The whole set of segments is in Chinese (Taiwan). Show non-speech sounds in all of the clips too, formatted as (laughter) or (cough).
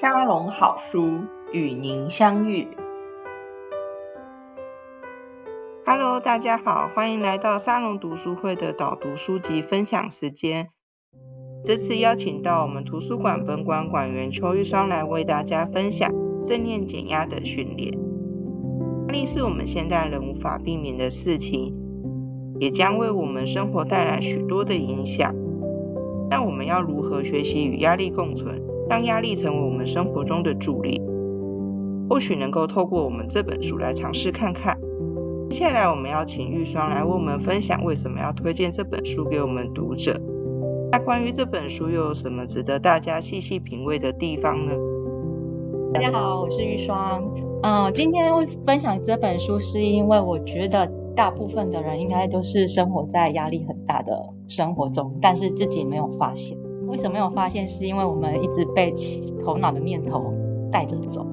沙龍好書與您相遇。Hello，大家好，歡迎來到沙龍讀書會的導讀書籍分享時間。這次邀請到我們圖書館本館館員邱玉霜來為大家分享正念減壓的訓練。壓力是我們現代人無法避免的事情，也將為我們生活帶來許多的影響。但我們要如何學習與壓力共存？讓壓力成為我們生活中的助力，或許能夠透過我們這本書來嘗試看看。接下來，我們要請玉霜來為我們分享為什麼要推薦這本書給我們讀者。那關於這本書，又有什麼值得大家細細品味的地方呢？大家好，我是玉霜。嗯，今天分享這本書，是因為我覺得大部分的人應該都是生活在壓力很大的生活中，但是自己沒有發現。為什麼沒有發現？是因為我們一直被頭腦的念頭帶着走。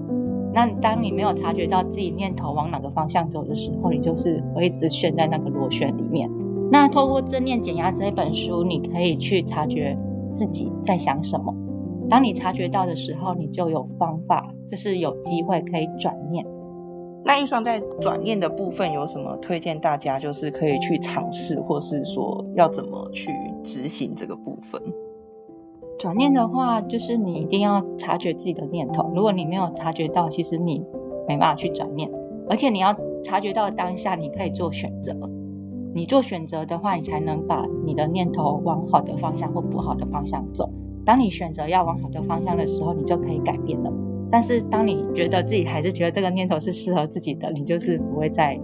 那當你沒有察覺到自己念頭往哪個方向走的時候，你就是會一直陷在那個螺旋裡面。那透過正念減壓這一本書，你可以去察覺自己在想什麼。當你察覺到的時候，你就有方法，就是有機會可以轉念。那玉霜在轉念的部分有什麼推薦大家？就是可以去嘗試，或是說要怎麼去執行這個部分？轉念的話，就是你一定要察覺自己的念頭。如果你沒有察覺到，其實你沒辦法去轉念。而且你要察覺到當下，你可以做選擇。你做選擇的話，你才能把你的念頭往好的方向或不好的方向走。當你選擇要往好的方向的時候，你就可以改變了。但是當你覺得自己還是覺得這個念頭是適合自己的，你就是不會再。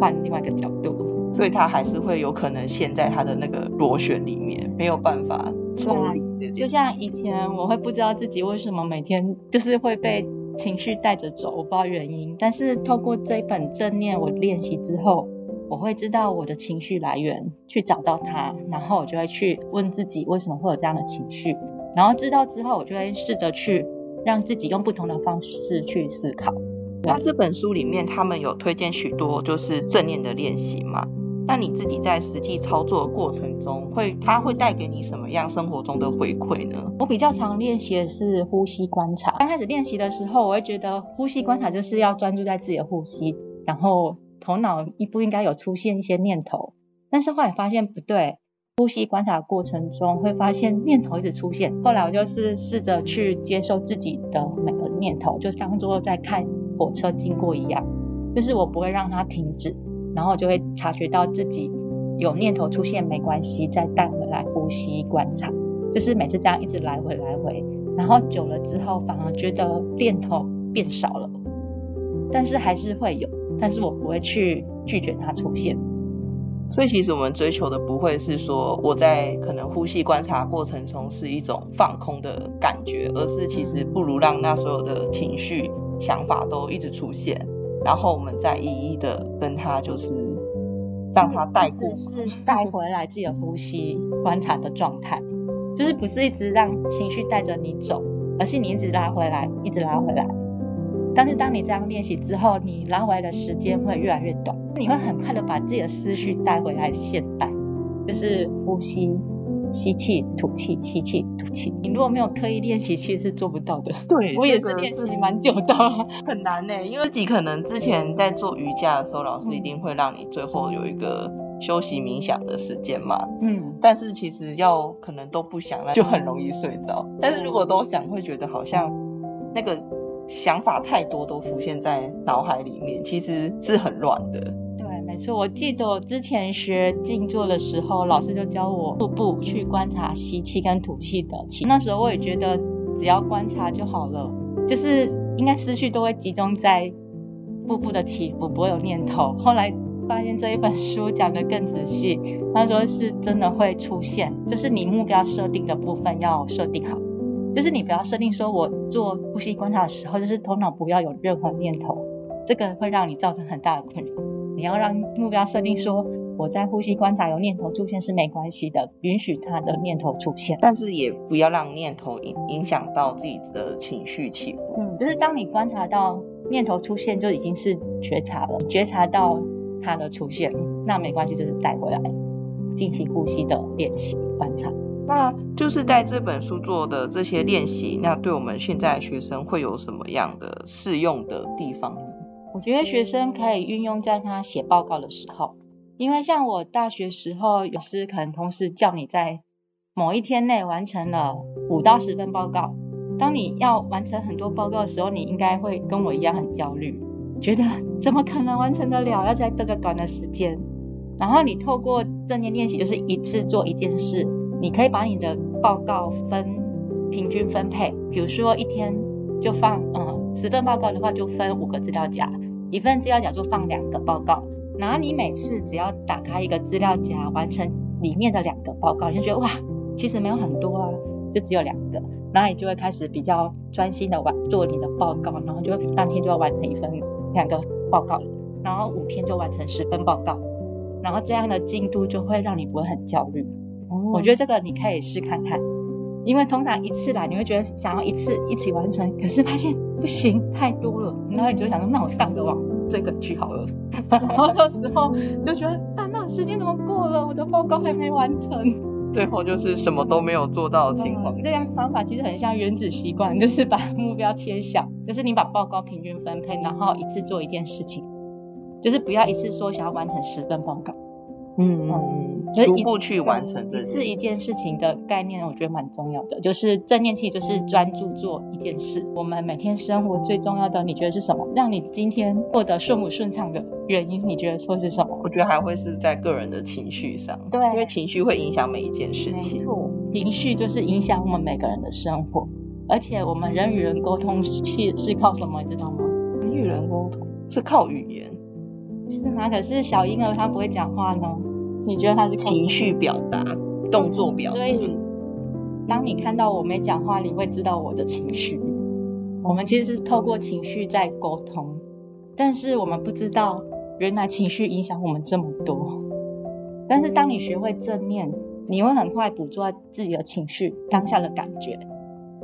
換另外一個角度，所以他還是會有可能陷在他的那個螺旋裡面，嗯、沒有辦法脫離、嗯。就像以前，我會不知道自己為什麼每天就是會被情緒帶着走，我不知道原因。但是透過這一本正念我練習之後，我會知道我的情緒來源，去找到它，然後我就會去問自己為什麼會有這樣的情緒，然後知道之後，我就會試着去讓自己用不同的方式去思考。那這本書裡面，他們有推薦許多就是正念的練習嘛？那你自己在實際操作的過程中會，會它會帶給你什麼樣生活中的回饋呢？我比較常練習的是呼吸觀察。剛開始練習的時候，我會覺得呼吸觀察就是要專注在自己的呼吸，然後頭腦一不應該有出現一些念頭。但是後來發現不對，呼吸觀察的過程中會發現念頭一直出現。後來我就是試着去接受自己的每個念頭，就當做在看火車經過一樣，就是我不會讓它停止，然後我就會察覺到自己有念頭出現，沒關係，再帶回來呼吸觀察。就是每次這樣一直來回來回，然後久了之後，反而覺得念頭變少了，但是還是會有，但是我不會去拒絕它出現。所以其實我們追求的不會是說我在可能呼吸觀察過程中是一種放空的感覺，而是其實不如讓那所有的情緒。想法都一直出現，然後我們再一一的跟他，就是讓他帶過，帶回來自己的呼吸觀察的狀態，就是不是一直讓情緒帶着你走，而是你一直拉回來，一直拉回來。但是當你這樣練習之後，你拉回來的時間會越來越短，你會很快的把自己的思緒帶回來現代，就是呼吸。吸氣，吐氣，吸氣，吐氣。你如果沒有特意練習，其實是做不到的。對， (laughs) 我也是練習蠻久的。這個、 (laughs) 很難呢？欸，因為你可能之前在做瑜伽的時候、嗯，老師一定會讓你最後有一個休息冥想的時間嘛。嗯。但是其實要可能都不想，那就很容易睡着、嗯。但是如果都想，會覺得好像那個想法太多，都浮現在腦海裡面，其實是很亂的。所以我記得我之前學靜坐的時候，老師就教我腹部，去觀察吸氣跟吐氣的氣。那時候我也覺得只要觀察就好了，就是應該思緒都會集中在腹部的起伏，不會有念頭。後來發現這一本書講得更仔細，他說是真的會出現，就是你目標設定的部分要設定好，就是你不要設定說我做呼吸觀察的時候，就是頭腦不要有任何念頭，這個會讓你造成很大的困擾。你要讓目標設定說，我在呼吸觀察，有念頭出現是沒關係的，允許他的念頭出現，但是也不要讓念頭影影響到自己的情緒起伏。嗯，就是當你觀察到念頭出現，就已經是覺察了，覺察到他的出現，那沒關係，就是帶回來進行呼吸的練習觀察。那就是在這本書做的這些練習，那對我們現在學生會有什麼樣的適用的地方？覺得學生可以運用在他寫報告的時候，因為像我大學時候，老師可能同時叫你在某一天內完成了五到十份報告。當你要完成很多報告的時候，你應該會跟我一樣很焦慮，覺得怎麼可能完成得了？要在這個短的時間。然後你透過正念練習，就是一次做一件事，你可以把你的報告分平均分配，比如說一天就放嗯、呃、十份報告的話，就分五個資料夾，一份資料夾就放兩個報告，然後你每次只要打開一個資料夾，完成裡面的兩個報告，你就覺得哇，其實沒有很多啊，就只有兩個，然後你就會開始比較專心的做你的報告，然後就當天就要完成一份兩個報告，然後五天就完成十份報告，然後這樣的進度就會讓你不會很焦慮。哦。我覺得這個你可以試看看。因為通常一次吧，你會覺得想要一次一起完成，可是發現不行，太多了，然後你就想說，那我上個網追個劇好了。 (laughs) 然後到時候就覺得，啊，那時間怎麼過了？我的報告還沒完成。最後就是什麼都沒有做到的情況。這樣方法其實很像原子習慣，就是把目標切小，就是你把報告平均分配，然後一次做一件事情，就是不要一次說想要完成十份報告。嗯，嗯，就是、一逐步去完成這件事是一件事情的概念，我覺得蠻重要的。就是正念器就是專注做一件事。我們每天生活最重要的，你覺得是什麼？讓你今天過得順不順暢的原因，你覺得會是什麼？我覺得還會是在個人的情緒上，對，因為情緒會影響每一件事情。沒錯，情緒就是影響我們每個人的生活。而且我們人與人溝通是靠什麼？你知道嗎？人與人溝通是靠語言。是嗎？可是小嬰兒他不會講話呢，你覺得他是？情緒表達，動作表達。所以，當你看到我沒講話，你會知道我的情緒。我們其實是透過情緒在溝通，但是我們不知道，原來情緒影響我們這麼多。但是當你學會正念，你會很快捕捉自己的情緒當下的感覺。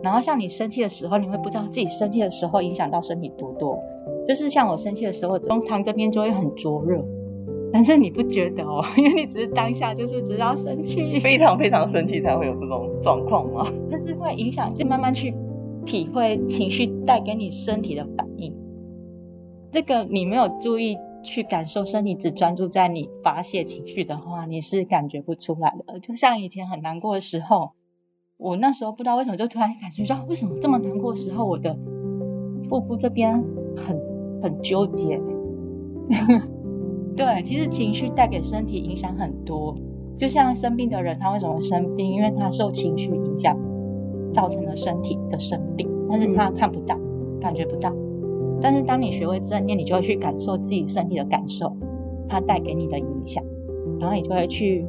然後像你生氣的時候，你會不知道自己生氣的時候影響到身體多多。就是像我生氣的時候，胸膛這邊就會很灼熱，但是你不覺得哦？因為你只是當下就是只要生氣，非常非常生氣才會有這種狀況嗎？就是會影響，就慢慢去體會情緒帶給你身體的反應。這個你沒有注意去感受身體，只專注在你發洩情緒的話，你是感覺不出來的。就像以前很難過的時候，我那時候不知道為什麼就突然感覺說，為什麼這麼難過的時候，我的腹部這邊很。很糾結、欸， (laughs) 對，其實情緒帶給身體影響很多。就像生病的人，他為什麼生病？因為他受情緒影響，造成了身體的生病，但是他看不到，嗯、感覺不到。但是當你學會正念，你就會去感受自己身體的感受，它帶給你的影響，然後你就會去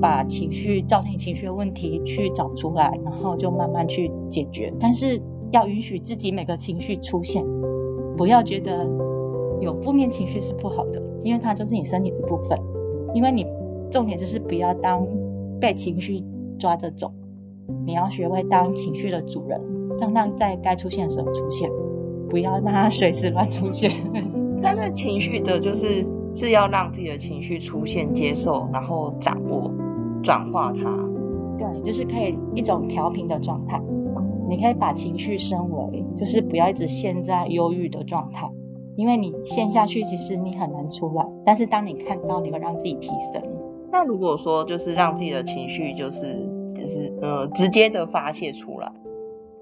把情緒造成情緒的問題去找出來，然後就慢慢去解決。但是要允許自己每個情緒出現。不要覺得有負面情緒是不好的，因為它就是你身體的部分。因為你重點就是不要當被情緒抓着走，你要學會當情緒的主人，讓讓在該出現的時候出現，不要讓它隨時亂出現。真那情緒的就是是要讓自己的情緒出現、接受，然後掌握、轉化它。對，就是可以一種調頻的狀態。你可以把情緒升維，就是不要一直陷在憂鬱的狀態，因為你陷下去，其實你很難出來。但是當你看到，你會讓自己提升。那如果說就是讓自己的情緒、就是，就是就是呃直接的發洩出來，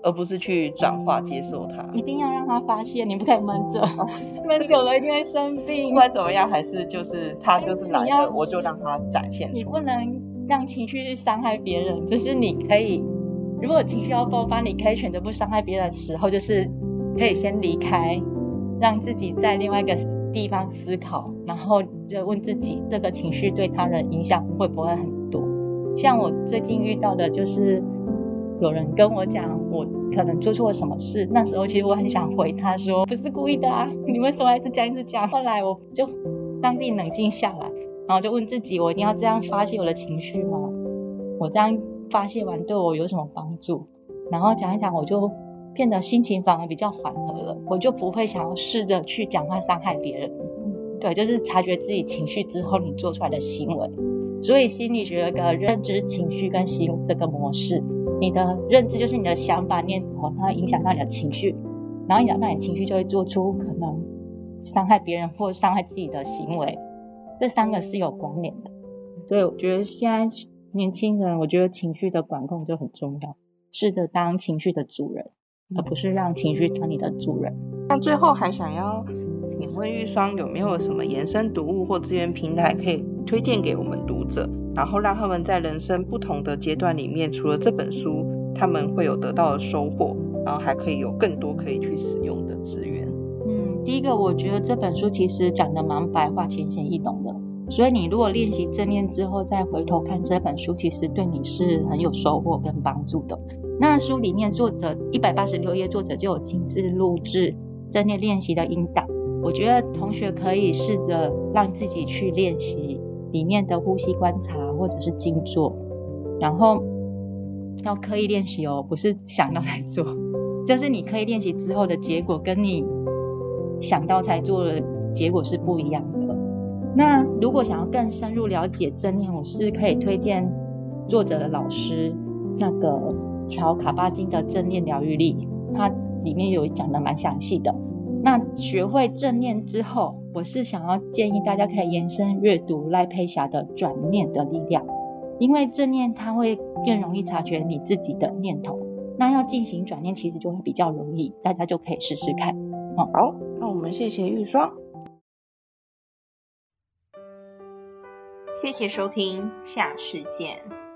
而不是去轉化接受它。一定要讓他發洩，你不可以悶着， (laughs) 悶久了一定會生病。不管怎麼樣，還是就是他就是男的是我就讓他展現。你不能讓情緒去傷害別人，只、就是你可以。如果情緒要爆發，你可以選擇不傷害別人的時候，就是可以先離開，讓自己在另外一個地方思考，然後就問自己，這個情緒對他人影響會不會很多？像我最近遇到的，就是有人跟我講，我可能做錯了什麼事。那時候其實我很想回他說，不是故意的啊，你為什麼要一直講一直講？後來我就讓自己冷靜下來，然後就問自己，我一定要這樣發洩我的情緒嗎？我這樣。發洩完對我有什麼幫助？然後講一講，我就變得心情反而比較緩和了，我就不會想要試着去講話傷害別人。對，就是察覺自己情緒之後你做出來的行為。所以心理學的一個認知、情緒跟行為這個模式，你的認知就是你的想法念頭，它會影響到你的情緒，然後影響到你情緒就會做出可能傷害別人或傷害自己的行為。這三個是有關聯的，所以我覺得現在。年輕人，我覺得情緒的管控就很重要，試着當情緒的主人，而不是讓情緒當你的主人。嗯，那最後還想要，嗯，請問玉霜有沒有什麼延伸讀物或資源平台可以推薦給我們讀者，然後讓他們在人生不同的階段裡面，除了這本書，他們會有得到的收穫，然後還可以有更多可以去使用的資源。嗯，第一個我覺得這本書其實講的蠻白話，淺顯易懂的。所以你如果練習正念之後，再回頭看這本書，其實對你是很有收穫跟幫助的。那書裡面作者一百八十六頁作者就有親自錄制正念練習的引導，我覺得同學可以試着讓自己去練習裡面的呼吸觀察或者是靜坐，然後要刻意練習哦，不是想到才做，就是你刻意練習之後的結果跟你想到才做的結果是不一樣的。那如果想要更深入了解正念，我是可以推薦作者的老師那個喬卡巴金的《正念療癒力》，它裡面有講的蠻詳細的。那學會正念之後，我是想要建議大家可以延伸閱讀賴佩霞的《轉念的力量》，因為正念它會更容易察覺你自己的念頭，那要進行轉念其實就會比較容易，大家就可以試試看。好，那我們謝謝玉霜。謝謝收聽，下次見。